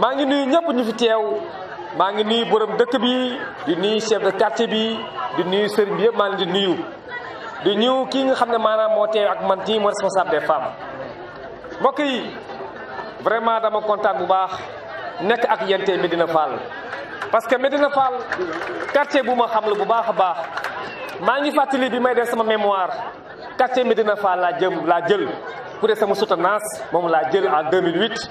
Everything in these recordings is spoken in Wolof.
maa ngi nuyu ñëpp ñu fi teew maa ngi nuyu borom bi di nuyu chef de quartier bi di nuyu sëriñ bi yëpp maa di nuyu di nuyu kii nga xam ne maanaam moo ak man kii moo responsable des femmes mbokk yi vraiment dama kontaan bu baax ak yente Medina Fall parce que Medina Fall quartier bu ma xam la bu baax a baax maa ngi fàttali bi may def sama mémoire quartier Medina Fall la jëm laa jël pour def sama soutenance moom laa jël en 2008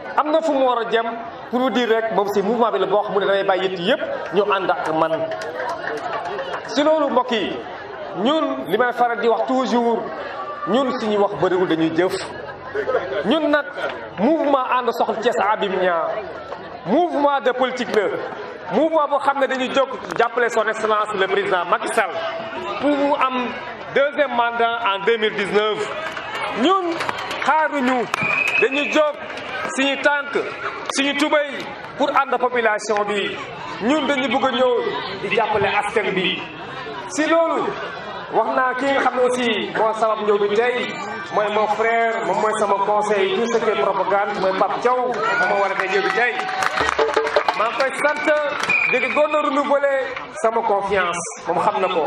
am na fu mu war a jëm pour dire rek moom si mouvement bi la boo xam ne damay bàyyi yitt ñu ànd ak man si loolu mbokk yi ñun li faral di wax toujours ñun suñuy wax bëriwul dañuy jëf ñun nak mouvement anu ànd soxla Thiès Habib Niang mouvement de politique la mouvement boo xam ne dañuy jóg jàppale son excellence le président Macky Sall pour am deuxième mandat en 2019 ñun xaaruñu dañuy jóg suñu tànk suñu tubay pour ànd population bi ñun dañu bëgg a ñëw di jàppale askan bi si loolu wax naa ki nga xam ne aussi moo sabab ñëw bi tey mooy moo frère moom mooy sama conseil tout ce qui est propagande mooy Pape Thiaw moom war a ñëw bi tey maa ngi koy sant di di gën a renouveler sama confiance moom xam na ko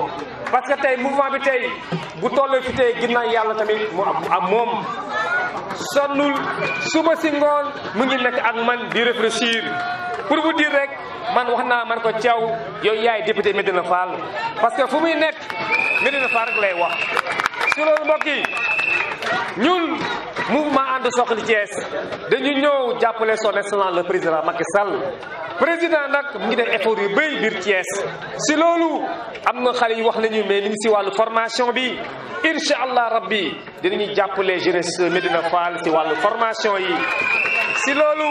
parce tey mouvement bi tey bu toll fi tey ginnaaw yàlla tamit mu am moom sonnul suma si ngoon mu ngi nekk ak man di réfléchir pour vous dire rek man wax naa man ko Thiaw yow yaay député Médina Fall parce que fu muy nekk Médina Fall rek lay wax si loolu mbokk ñun mouvement ànd soxli Thiès dañu ñëw jàppale son excellence le président Macky Sall président nag mu ngi def effort yu bëri biir Thiès si loolu am na xale yu wax nañu mais ni ngi si wàllu formation bi incha allah rabbi dinañu jàppale jeunesse Medina Fall si wàllu formation yi si loolu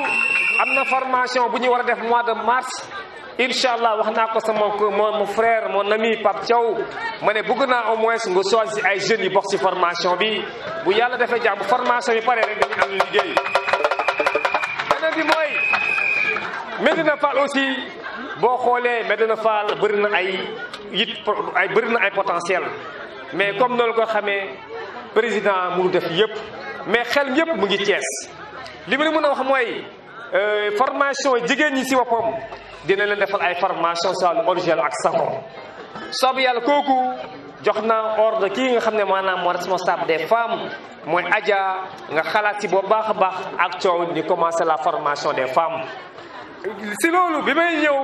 am na formation bu ñu war a def mois de mars Inshallah waxna mon frère mon ami Pape Thiaw ma au moins choisir ay jeunes yi formation bi bu yalla faire formation paré rek dañu am une formation. Fall aussi bo xolé Medina Fall bëri ay yit ay potentiel mais comme nous ko xamé président mu def mais xel yépp mu ngi fait limu mëna formation jigéen ñi ci dina leen defal ay formation si wàllu origel ak savon soobu yàlla kooku jox na ordre kii nga xam ne maanaam moo responsable des femmes mooy Adja nga xalaat ci boobu baax a baax ak coow ñu commencé la formation des femmes si loolu bi may ñëw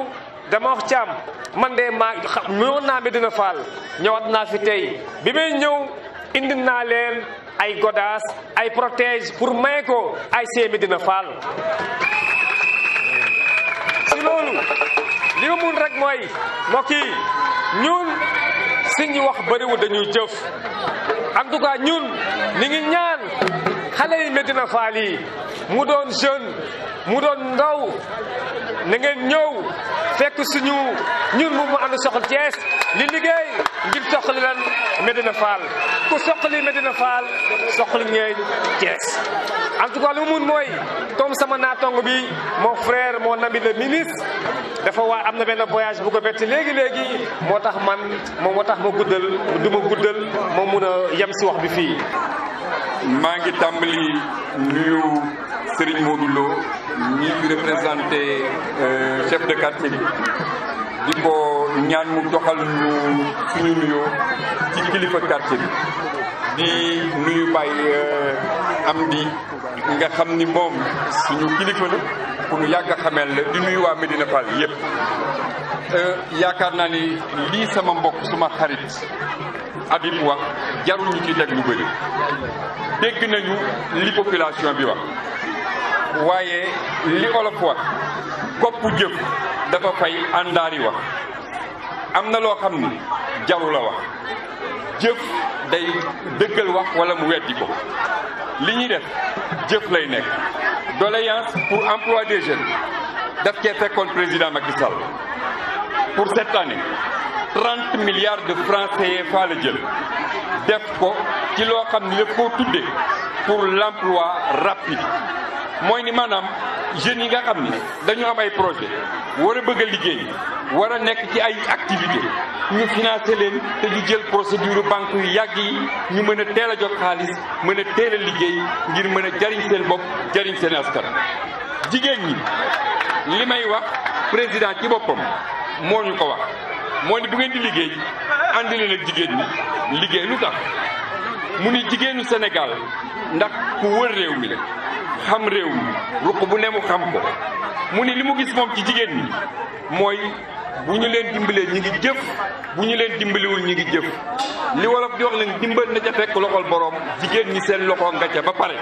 dama wax caam man de maa ñëwoon naa Medina Fall ñëwaat naa fi tey bi may ñëw indi naa leen ay godaas ay protège pour may ko ay see dina Fall ci loolu li ma mun rek mooy mbokk yi ñun ngi wax bëriwul dañuy jëf en tout cas ñun ñu ngi ñaan xale yi Medina Fall yi mu doon jeune mu doon ndaw na ngeen ñëw fekk suñu ñun mu mu ànd soxla Thiès li liggéey ngir soxli leen Medina Fall ku soxli Medina Fall soxli ngeen Thiès en tout cas lu mun mooy comme sama natong bi mon frère mon ami le ministre dafa wa am na benn voyage bu ko bett legui legui motax man moom motax ma guddal du ma guddal ma mun a yem wax bi fi maa ngi tàmbali nuyu Serigne Modou Lo ni fi euh, chef de quartier bi. di ko ñaan mu doxal ñu suñu nuyoo ci kilifa quartier bi di nuyu am euh, Amdi nga xam ni moom suñu kilifa la ku ñu yàgg a xameel la di nuyu waa Medina Fall yëpp. Euh, yaakaar naa ni lii sama mbokk suma xarit Habib wax jarul ci teg lu bëri dégg nañu li population bi wax waaye li olof wax kopp jëf dafa fay àndaari wax am na loo xam ni jarul wax jëf day dëggal wax wala mu weddi ko. li ñuy def jëf lay doléance pour l'emploi des jeunes daf cee le président Macky pour cette année 30 milliards de francs CFA la jël def ko ci loo pour l'emploi rapide mooy ni maanaam jeunes yi nga xam ni dañu am ay projet war a bëgg a liggéey war a nekk ci ay activité ñu financé leen te ñu jël procédure banque yu yàgg yi ñu mën a teel a jot xaalis mën a teel liggéey ngir mën a jariñ seen bopp jariñ seen askan jigéen ñi li may wax président ci boppam moo ñu ko wax moo ni bu ngeen di liggéey ànd leen jigéen ñi liggéey nu tax mu ni jigéenu Sénégal ndax ku wër réew mi la xam réew mi ruq bu ne mu xam ko mu ni li mu gis moom ci jigéen ñi mooy bu ñu leen dimbalee ñi ngi jëf bu ñu leen dimbaliwul ñi ngi jëf li wolof di wax leen dimbal na ca fekk loxol boroom jigéen ñi seen loxo nga ca ba pare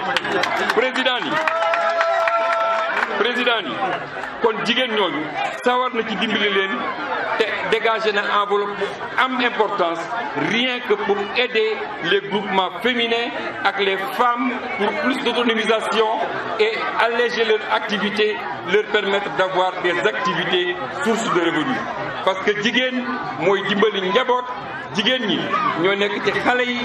président yi président yi nous jigéen ñooñu sawar na ci dimbali enveloppe am importance rien que pour aider les groupements féminins avec les femmes pour plus d'autonomisation et alléger leur activité leur permettre d'avoir des activités sources de revenus parce que jigéen mooy dimbali njaboot jigéen ñi ñoo nekk ci xale yi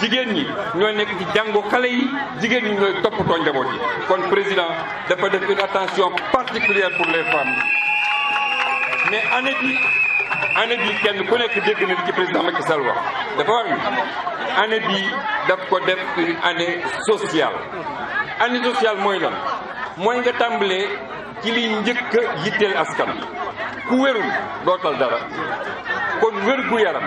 jigéen ñi ñoo nekk ci jàngu xale yi jigéen ñi ñooy toppatoo njaboot yi kon président dafa def une attention particulière pour les femmes mais année bi année bi kenn ku nekk dégg na li ci président Macky Sall dafa wax ni année bi daf ko def une année sociale année sociale mooy lan mooy nga tàmbalee ci liy njëkk a yitteel askan ku wérul dootal dara kon wér gu yaram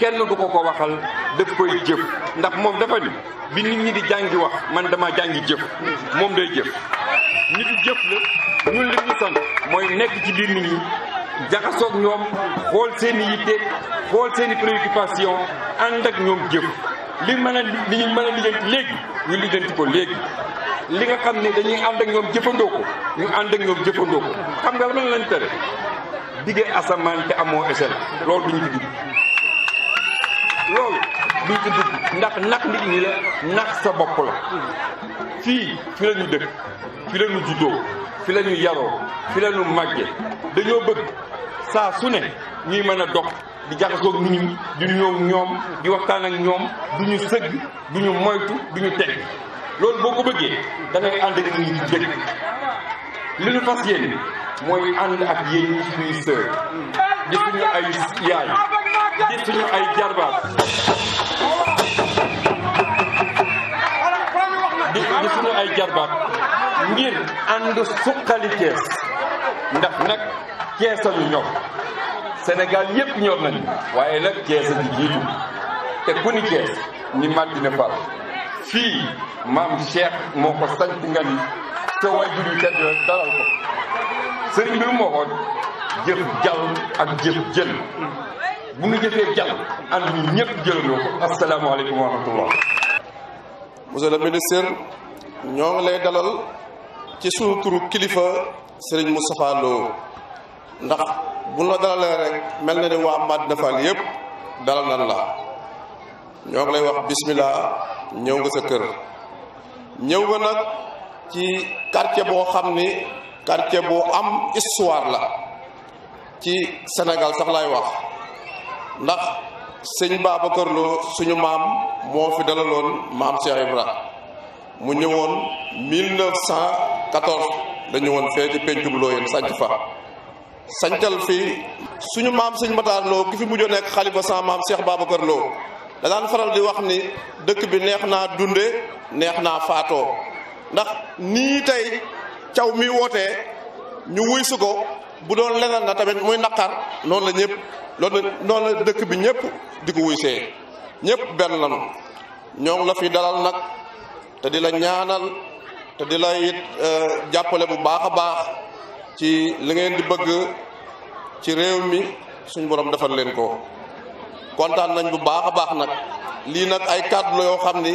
kenn du ko ko waxal daf koy jëf ndax moom dafa ni bi nit ñi di jàngi wax man dama jàngi jëf moom day jëf nitu jëf la ñun li ñu sant mooy nekk ci biir nit ñi jaxasoog ñoom xool seeni i yitte xool seen i préoccupation ànd ak ñoom jëf li mën a li ñu mën a lijjanti léegi ñu lijjanti ko léegi li nga xam ne dañuy ànd ak ñoom jëfandoo ko ñu ànd ak ñoom jëfandoo ko xam nga lan lañ tere diggee asamaan te amoo échelle loolu duñu digg loolu duñ ci dugg ndax nax nit ñi la nax sa bopp la fii fi la ñu dëkk fi la ñu juddoo fi la ñu yaroo fi la màgge dañoo bëgg saa su ne ñuy mën a dox di jaxasoo nit ñi di ñëw ñoom di waxtaan ak ñoom du ñu sëgg du ñu moytu du teg loolu boo ko bëggee da ànd ak nit ñi ci dëkk li ñu fas yéene mooy ànd ak yéen ñi suñuy di suñu ay yaay di suñu ay jarbaat di di suñu ay jarbaat ngir ànd suqali kees ndax nag keesañu ñor sénégal yépp ñor nañu waaye nag kees a ci jiitu te ku ni kees ni Madina Fall fii maam Cheikh moo ko sant nga ni te waajur yu tedd dalal ko sëriñ bi lu mu waxoon jëf jàll ak jëf jël bu ñu jëfee jàll ànd ñu jëlandoo ko asalaamaaleykum wa rahmatullah monsieur le ministre ñoo ngi lay dalal ci sunu turu kilifa Serigne Moustapha Lo ndax bu ñu dalalee rek mel na ne waa Madina Fall yëpp dalal nan la ñoo ngi lay wax bismillah ñëw nga sa kër ñëw nga nag ci quartier boo xam ni quartier boo am histoire la ci senegal sax laay wax ndax sëñ Babacar Lo suñu maam moo fi dalaloon maam Cheikh Ibra mu ñëwoon 1914 la woon fee ci pencum Looyeen sanc fa sancal fi suñu maam sëñ Matar Lo ki fi mujj nekk xalifa sa maam Cheikh Babacar Lo da daan faral di wax ni dëkk bi neex naa dunde neex naa faatoo ndax nii tey caw mi woote ñu wuy su bu doon leneen na tamit muy naqar noonu la ñëpp loolu noonu dëkk bi ñëpp di ko wuy see ñëpp benn lanu ñoo ngi la fi dalal nag te di la ñaanal te di la it euh, jàppale bu baax a baax ci li ngeen di bëgg ci réew mi suñu borom defal leen ko kontaan nañ bu baax a baax nag lii nag ay kàddu la yoo xam ni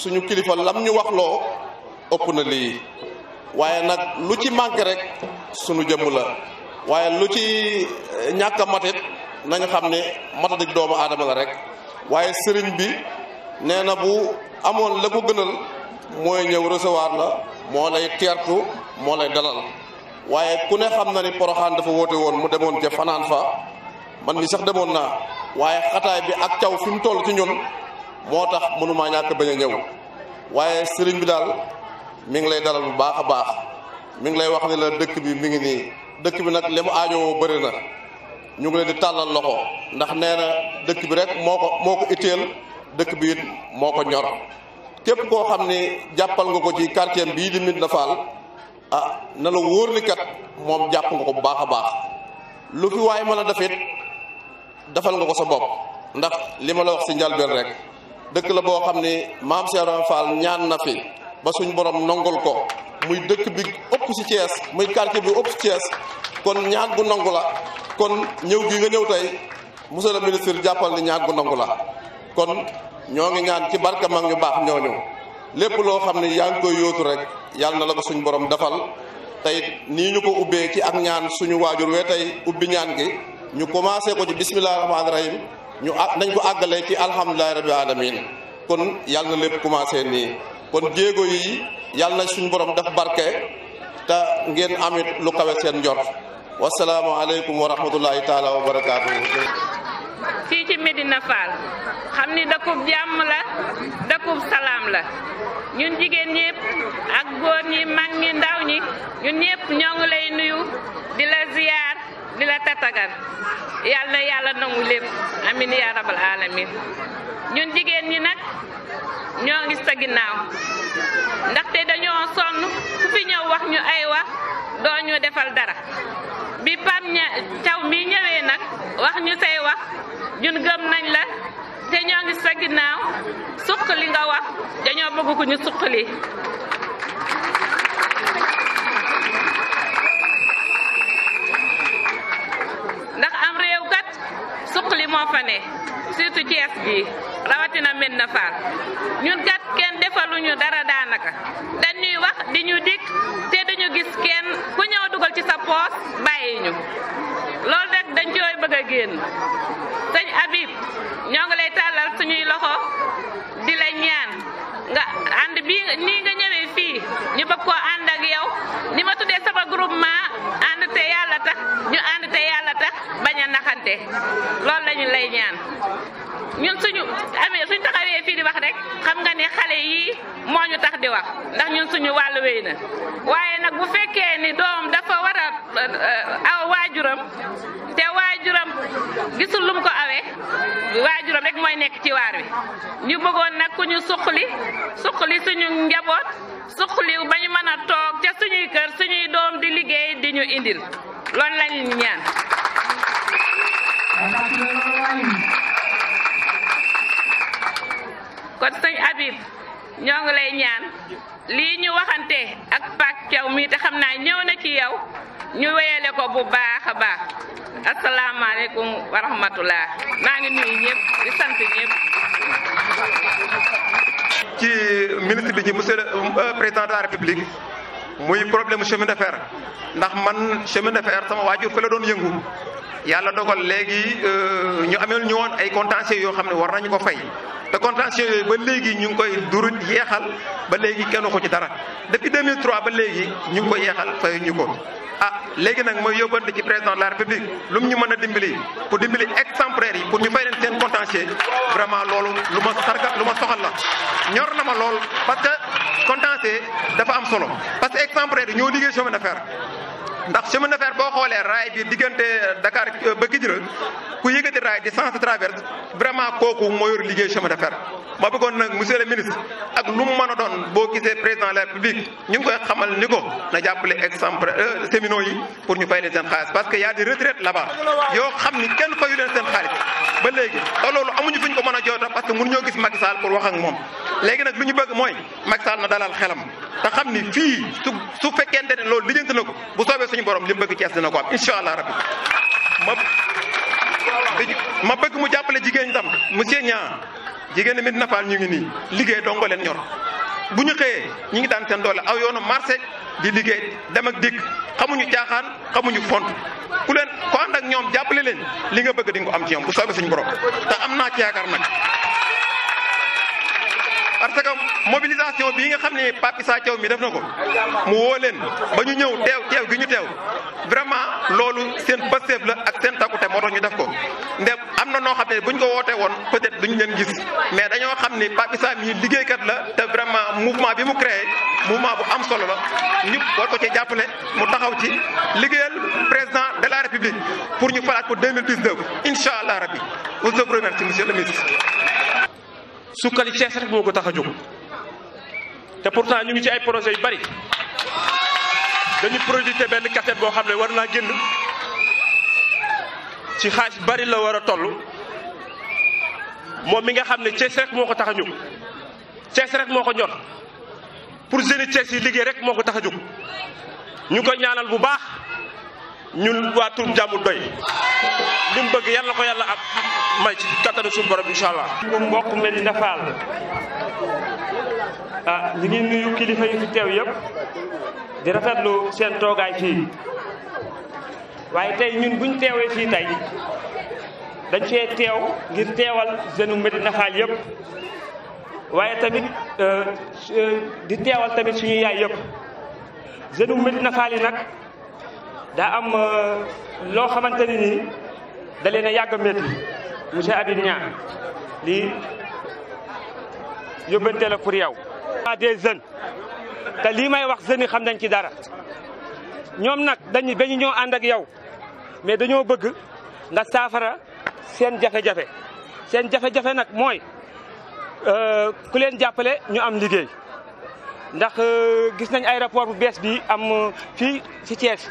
suñu kilifa lam ñu wax loo ëpp na lii waaye nag lu ci manqué rek sunu jëmm la waaye lu ci eh, ñàkk a matit nañu xam ne matadik doomu aadama la rek waaye sëriñ bi nee na bu amoon la ko gënal mooy ñëw recevoir la moo lay teertu moo lay dalal waaye ku ne xam na ni poroxaan dafa woote woon mu demoon ca fanaan fa man bi sax demoon naa waaye xataay bi ak caw fi mu toll ci ñun moo tax mënuma ñàkk bañ a ñëw waaye sëriñ bi daal mi ngi lay dalal bu baax a baax mi ngi lay wax ni la dëkk bi mi ngi nii dëkk bi nag li mu aajowoo bëri ñu ngi leen di tàllal loxo ndax nee na dëkk bi rek moo ko moo ko itteel dëkk bi it moo ko ñor képp koo xam ni jàppal nga ko ci quartier bii di Médina Fall ah na la wóor ni kat moom jàpp nga ko bu baax a baax lu fi waay mën a def defal nga ko sa bopp ndax li ma la wax si njalbeen rek dëkk la boo xam ni maam Cheikh Fall ñaan na fi. ba suñ borom nangul ko muy dëkk bi ëpp ci Thiès muy quartier bi ëpp ci Thiès kon ñaan gu nangu la kon ñëw gi nga ñëw tey monsieur le ministre jàppal ni ñaan gu nangu la kon ñoo ngi ñaan ci barka mag ñu baax ñooñu lépp loo xam ne yaa ngi koy yóotu rek yàlla na la ko suñ borom defal tey nii ñu ko ubbee ci ak ñaan suñu waajur wee tey ubbi ñaan gi ñu commencé ko ci bisimilah rahmaani rahim ñu nañ ko àggalee ci alhamdulilahi rabbi alamin kon yàlla na lépp commencé nii kon jéego yi yàlla na suñu borom def barke te ngeen amit lu kawe seen njort wasalaamaaleykum wa rahmatullahi taala wa barakaatu. fii ci Medina Fall xam ni dëkkub jàmm la dëkkub salaam la ñun jigéen ñëpp ak góor ñi mag ñi ndaw ñi ñun ñëpp ñoo ngi lay nuyu di la ziyaar di la tatagal yàlla na yàlla nangu lépp amin ya rabal alamin ñun jigéen ñi nag. ñoo ngi sa ginnaaw ndaxte dañoo sonn ku fi ñëw wax ñu ay wax doo ñu defal dara bi Pam ña Thiaw mi ñëwee nag wax ñu say wax ñun gëm nañ la te ñoo ngi sa ginnaaw suqali nga wax dañoo bëgg ku ñu suqali ndax am réew kat suqali moo fa ne surtout Thiès gi rawatina mel na faal ñun kat kenn defaluñu dara daanaka dañuy wax di ñu dikk te duñu gis kenn ku ñëw dugal ci sa poos bàyyi ñu loolu rek dañ cooy bëgg a génn sëñ ñoo ngi lay tàllal suñuy loxo di la ñaan nga ànd bii ni nga ñëwee fii ñu bëgg koo ànd ak yow ni ma tuddee sama groupement te yàlla tax ñu ànd te yàlla tax bañ a naxante loolu lañu lay ñaan ñun suñu amee suñ taxawee fii di wax rek xam nga ne xale yii moo ñu tax di wax ndax ñun suñu wàll wéy na waaye bu fekkee ni doom dafa a euh, aw waajuram te waajuram gisul lum ko awee waajuram rek mooy nekk ci waar wi ñu bëggoon nag ku ñu suqali suñu njaboot suqali ba ñu a toog kër suñuy doom di liggéey di ñu indil loolu lañ ñaan kon sëñ Habib ñoo ngi lay ñaan lii ñu waxante ak Pape mii te xam naa ñëw na ci yow ñu wéyale ko bu baax a baax asalaamaaleykum wa rahmatullah maa ngi nuyu ñëpp di sant ñëpp ci ministre bi ci monsieur le euh, président de république muy problème chemin de fer ndax man chemin de fer sama waajur fa la doon yëngu yàlla dogal léegi euh, ñu ameel ñu woon ay contentieux yoo xam ne war nañu ko fay te contentieux yooyu ba léegi ñu ngi koy duruj yeexal ba léegi kenn ko ci dara depuis 2003 ba léegi ñu ngi koy yeexal fay ñu ko ah léegi nag mooy yóbbante ci président la république lu mu ñu mën a dimbali pour dimbali exemplaires yi pour ñu fay leen seen contentieux vraiment loolu lu ma sarga lu ma soxal la contentieux dafa am solo parce que exemple ñoo liggéey chemin de fer ndax chemin de fer boo xoolee raay bi diggante Dakar ba Kidira ku yëgati raay di sens traverse vraiment kooku moo liggéey chemin de ma bëggoon nag monsieur le ministre ak lu mu a doon boo gisee président de la République ñu ngi koy xamal ni ko na jàppale exemple cheminots euh, yi pour ñu fay leen seen xaalis parce que y a des retraites là-bas yoo xam ni kenn fayu leen seen xaalis ba léegi te loolu amuñu fi ko mën a joota parce que mënu ñoo gis Macky Sall pour wax ak moom léegi nag lu mooy Macky Sall na dalal ne loolu lijjanti suñu borom li bëgg Thiès dina ko am allah rabbi ma ma bëgg mu jàppale jigéen tam monsieur Niang jigéen mit nafaal ñu ngi nii liggéey dongo leen ñor bu ñu ngi daan seen doole aw yoonu marché di liggéey dem ak dikk xamuñu caaxaan xamuñu font ku leen ko ànd ak ñoom jàppale leen li nga bëgg di nga am ci ñoom bu borom ci parce que mobilisation bii nga xam ne Pape Issa mi def na ko mu woo leen ba ñu ñëw teew teew gi ñu teew vraiment loolu seen pësteef la ak seen takkute moo tax ñu def ko ndef am na noo xam bu ñu ko wootee woon peut-être duñ leen gis mais dañoo xam ne Pape Issa mii liggéeykat la te vraiment mouvement bi mu créé mouvement bu am solo la ñu war ko ci jàppale mu taxaw ci liggéeyal président de la république pour ñu falaat ko 2019 incha allah rabbi vous remercie monsieur le ministre. sukkali Cees rek moo ko tax a jóg. te pour pourtant ñu ngi ci ay projets yu bari dañu projeté benn cassette boo xam ne war naa génn ci xaalis bari la war a toll moom mi nga xam ne Thiès rek moo ko tax a jóg Thiès rek moo ko ñor pour jeunes Thiès yi liggéey rek moo ko tax a jóg ñu ko ñaanal bu baax ñun waa tur jàmm doy li mu bëgg yàlla ko yàlla am may ci kattanu suñu borom incha allah. mbokk mbokk Medina Fall ah ngi nuyu kilifa yu fi teew yëpp di rafetlu seen toogaay fii waaye tey ñun buñ teewee fii tey dañ fee teew ngir teewal jeune Medina Fall yëpp waaye tamit euh, euh, di teewal tamit suñu yaay yëpp jeune Medina Fall nag. daa am euh, loo xamante ni nii da leen a yàgg a métti monsieur Habib Niang lii yóbbante la pour yow. des jeunes te lii may wax jeunes xam nañ ci dara ñoom nag dañu dañu ñoo ànd ak yow mais dañoo bëgg nga saafara seen jafe-jafe seen jafe-jafe nag mooy euh, ku leen jàppale ñu am liggéey ndax euh, gis nañ aéroport bu bees bi am fii ci Thiès.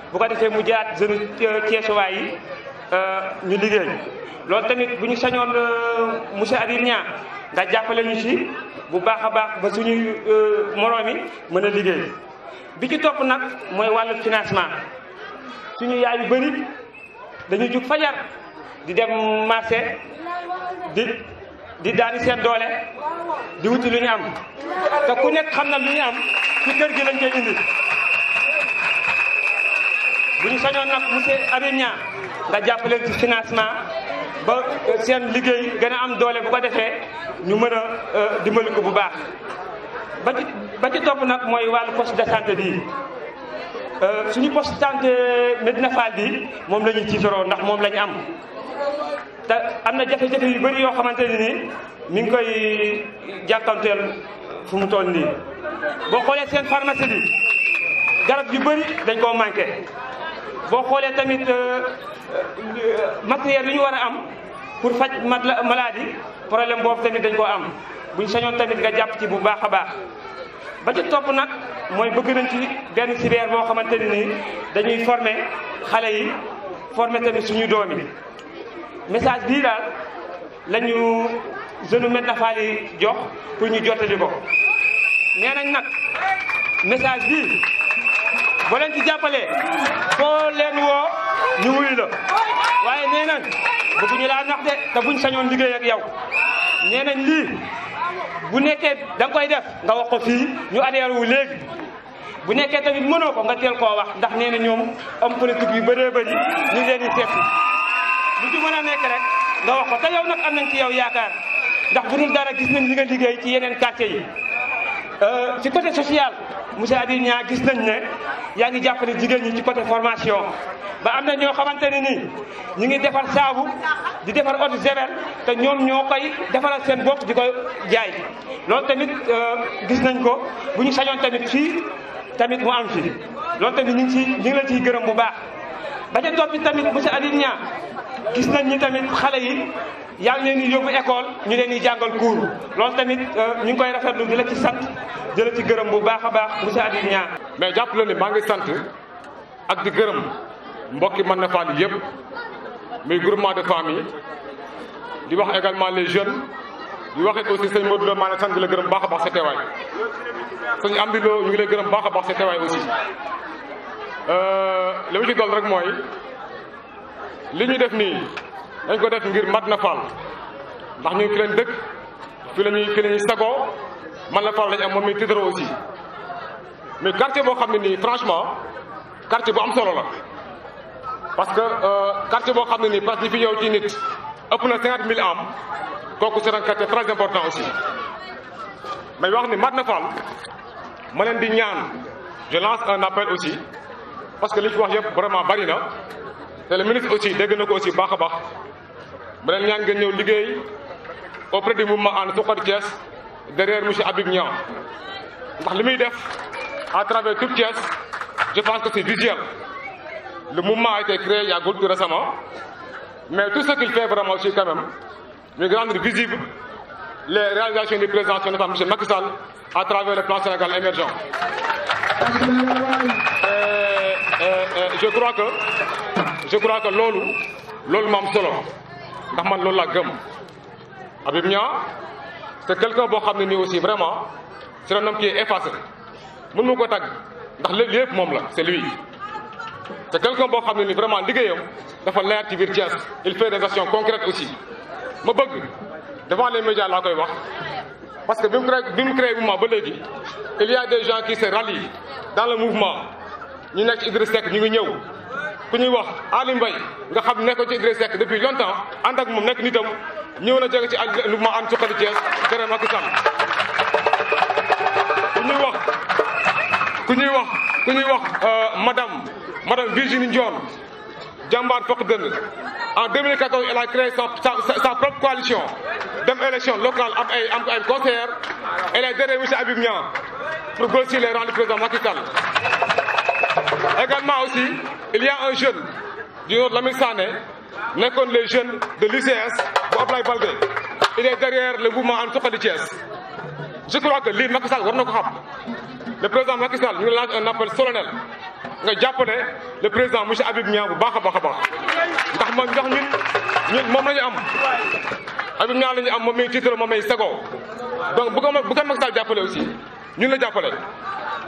bu ko defee mu jaat jeune Ceesuwaay yi euh, ñu liggéey loolu tamit bu ñu sañoon euh, monsieur Habib ñaa nga jàppale ñu ci bu baax a baax ba suñu euh, moroom yi mën a liggéey bi ci topp nag mooy wàllu financement suñu yaay yu bëri dañuy jug fajar di dem marché di di daani doole di wuti lu ñu am te ku nekk xam na lu ñu am ci kër gi lañ koy indi bu ñu sañoon nag monsieur Habib Niang nga jàppale ci financement ba euh, seen liggéey gën a am doole bu ko defee ñu mën a euh, dimbali ko bu baax. ba ci ba topp nag mooy wàllu poste de santé bi euh, suñu poste de santé Medina Fall bi moom la ñu tiitaroo ndax moom lañuy ñu am am na jafe-jafe yu bëri yoo xamante ne ni mi ngi koy jàkkanteel fu mu toll nii boo xoolee seen pharmacie bi garab yu bëri dañ koo manqué boo xoolee tamit euh, euh, matériel yi ñu war a am pour faj maladie problème boobu tamit dañ koo am bu buñ sañoon tamit nga jàpp ci bu baax a baax ba ci topp nag mooy bëgg nañ ci benn cyber boo xamante ne nii dañuy former xale yi former tamit suñu doom yi message bii daal la ñu jeune Médina Fall yi jox pour ñu jottali ko nee nañ nag message bii boo leen ci jàppalee boo leen woo ñu wuyu la waaye nee nañ bëgguñu laa nax de buñ sañoon liggéey ak yow nee nañ lii bu nekkee da koy def nga wax ko fii ñu adhéré wu léegi bu nekkee tamit mënoo ko nga teel koo wax ndax nee na ñoom homme politique yu bëree bëri ñu ngi leen di seet lu mën a nekk rek nga wax ko te yow nag am nañ ci yow yaakaar ndax bu dul dara gis nañ li nga liggéey ci yeneen quartier yi Euh, ci côté social monsieur Adi ñaa gis nañ ne yaa ngi jàppale jigéen ñi ci côté formation ba am na ñoo xamante ne nii ñu ngi defar saabu di defar eau de te ñoom ñoo koy defaral seen bopp di ko jaay loolu tamit euh, gis nañ ko bu ñu sañoon tamit fii tamit mu am fi loolu tamit ñu ngi ci ñu ngi gërëm bu baax ba ca topp tamit monsieur Alioune ñaa gis nañ ni tamit xale yi yaa ngi leen di yóbbu école ñu leen yi jàngal cours loolu tamit euh, ñu ngi koy rafetlu di la ci sant di ci gërëm bu baax a baax monsieur ñaa Niang. mais jàpp na ni maa ngi sant ak di gërëm mbokki mën na faal yëpp muy groupement de famille di wax également les jeune di waxee aussi sëñ Modou Lo maa ngi sant di la gërëm baax a baax sa teewaay sëñ Amdi ñu ngi gërëm baax a baax sa teewaay aussi Le euh, le ci dire rek moy li def dañ ko def ngir ndax ñu fi lañuy aussi mais quartier franchement quartier am solo parce que euh, quartier bo xamni ne parce fi ci nit ëpp na am c'est un quartier très important aussi mais wax ni je lance un appel aussi parce que l'histoire est vraiment bari c'est le ministre aussi dégg na aussi baax a baax beneen auprès du mouvement en tout cas derrière monsieur derrière Nian. ndax li à travers toute Thiès je pense que c'est visuel le mouvement a été créé il y a de récemment mais tout ce qu'il fait vraiment aussi quand même de rendre visible les réalisations du président de M. Sall à travers le plan Sénégal émergent je crois que je crois que lolo, lolo mam solo ndax man loolu la gëm Habib c'est quelqu'un bo xam ni aussi vraiment c'est un homme qui est effacé mën mu ko tag ndax lépp mom la c'est lui c'est quelqu'un bo xam ni vraiment liggéeyam dafa leer ci biir il fait des actions concrètes aussi ma bëgg devant les médias la koy wax parce que bi créé bi mu mouvement ba légui il y a des gens qui se rallient dans le mouvement ñu nekk ci Idriss Seck ñu ngi ñëw ku ñuy wax Ali Mbaye nga xam nekk ci Idriss Seck depuis longtemps ànd ak moom nekk nitam ñëw na jege ci ak mouvement And Suxali Thiès dara Macky Sall ku ñuy ku ñuy wax ku ñuy wax euh, madame madame Virginie Ndione jàmbaar fokk dënn en 2014 elle a créé sa sa sa propre dem élection locale am ay am ay conseillers elle est derrière monsieur Habib Niang pour grossir les rangs du président Macky Sall Également aussi, il y a un jeune du nom de Lamine Sané, nekkoon les jeunes de l'UCS bu Ablaye Baldé. Il est derrière le mouvement And Suxali Thiès. Je crois que lii Macky Sall war na xam le président Macky Sall ñu ngi lance un appel solennel nga jàppale le président monsieur Habib Niang bu baax a baax a baax ndax man ndax ñun ñun moom la ñu am Habib Niang la am moom titre moom may segoo donc bu ko bu ko Macky Sall aussi ñun la jàppale.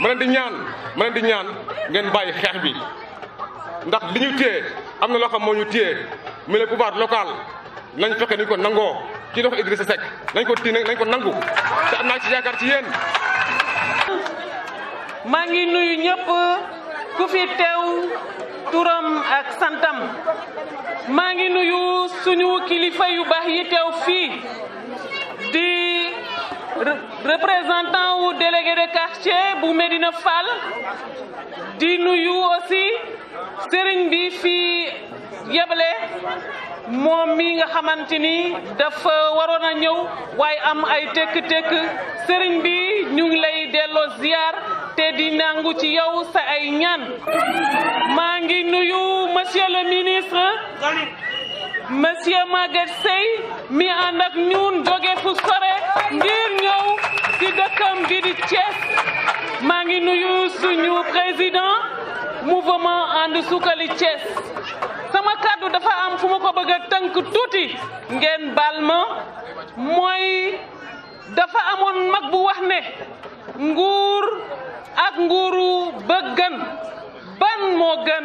ma leen di ñaan ma leen di ñaan ngeen bàyyi xeex bi ndax li ñu téye am na loo xam moo ñu téye mais le pouvoir local nañ fekkee ni ko nangoo ci loxo Idrissa Seck nañ ko téye nañ ko nangu te am ci yaakaar ci yéen. maa ngi nuyu ñëpp ku fi teew turam ak santam maa ngi nuyu suñu kilifa yu baax yi teew fii di. représentant ou délégué de quartier Boumedine Fall di aussi sëriñ bi Yablé, Moming Hamantini, mi nga Wayam ni dafa warona ñëw am ay bi ziar monsieur le ministre monsieur Maguette Seye mi ànd ak ñun jóge fu sore ngir ñëw ci dëkkam bi di Thiès maa ngi nuyu suñu président mouvement ànd sukkali Thiès sama kàddu dafa am fu ma ko bëgg tënk tuuti ngeen baal ma mooy dafa amoon mag bu wax ne nguur ak nguuru bëggan ban moo gën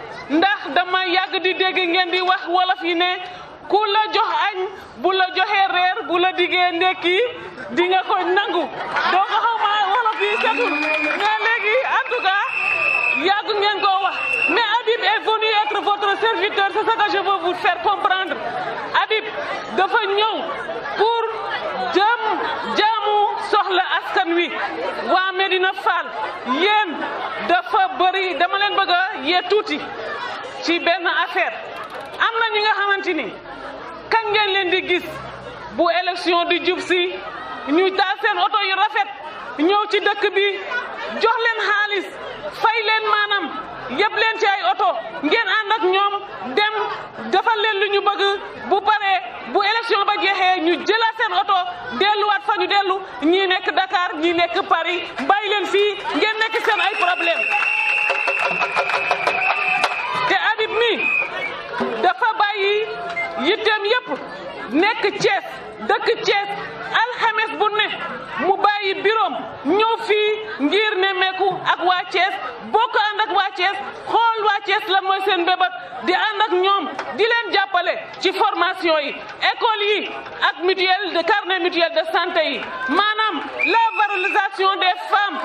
ndax dama yàgg di dégg ngeen di wax wolof yi ne ku la jox añ bu la joxee reer bu la diggee ndekki di nga ko nangu donc xaw ma wolof yi setul mais léegi en tout cas yàgg ngeen koo wax mais Habib est venu être votre serviteur c'est ça que je veux vous faire comprendre Habib dafa ñëw pour jëm jaamu soxla askan wi waa Medina Fall yéen dafa bëri dama leen bëgg a yee tuuti ci benn affaire am na ñi nga xamante ni kañ leen di gis bu élection di jub si ñu taal seen oto yu rafet ñëw ci dëkk bi jox leen xaalis fay leen maanaam leen ci ay oto ngeen ànd ñoom dem defal lu ñu bëgg bu paree bu élection ba jeexee ñu jëlaat seen oto delluwaat fa ñu dellu ñii nekk Dakar ñii nekk Paris bàyyi leen fii ngeen nekk seen ay problème nekk Thiès takku ak waa Thiès bokk ànd ak waa Thiès xool waa Thiès la mooy seen mbébét di ànd ak ñoom di leen jàppale ci formation yi école yi ak mutuel de carnet mutuel de santé yi maanaam la valorisation des femmes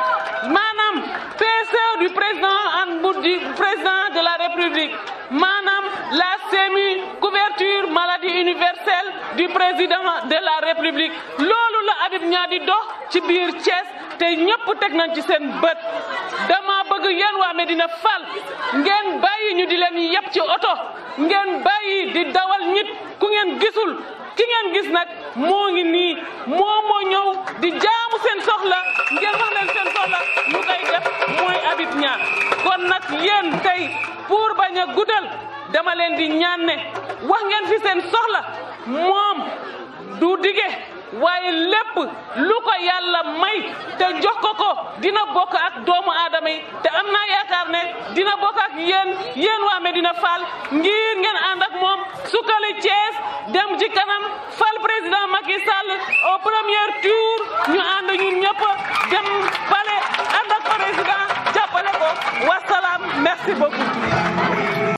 maanaam PSE du président en du président de la République maanaam la CMU couverture maladie universelle du président de la République loolu la Habib Niang di dox ci biir Thiès te ñëpp teg nañ ci seen bët dama bëgg yéen waa Medina Fall ngeen bàyyi ñu di leen yëpp ci oto ngeen bàyyi di dawal nit ku ngeen gisul ki ngeen gis nag moo ngi nii moo moo ñëw di jaamu seen soxla ngeen wax leen seen soxla mu koy def mooy Habib Niang kon nag yéen tey pour bañ a guddal dama leen di ñaan ne wax ngeen fi seen soxla moom du dige waaye lépp lu ko yàlla may te jox ko ko dina bokk ak doomu aadama yi te am naa yaakaar ne dina bokk ak yéen yéen waa Medina Fall ngir ngeen ànd ak moom sukkali Thiès dem ci kanam fal président Macky Sall au premier tour ñu ànd ñun ñëpp dem palais ànd ak président jàppale ko wasalaam merci beaucoup.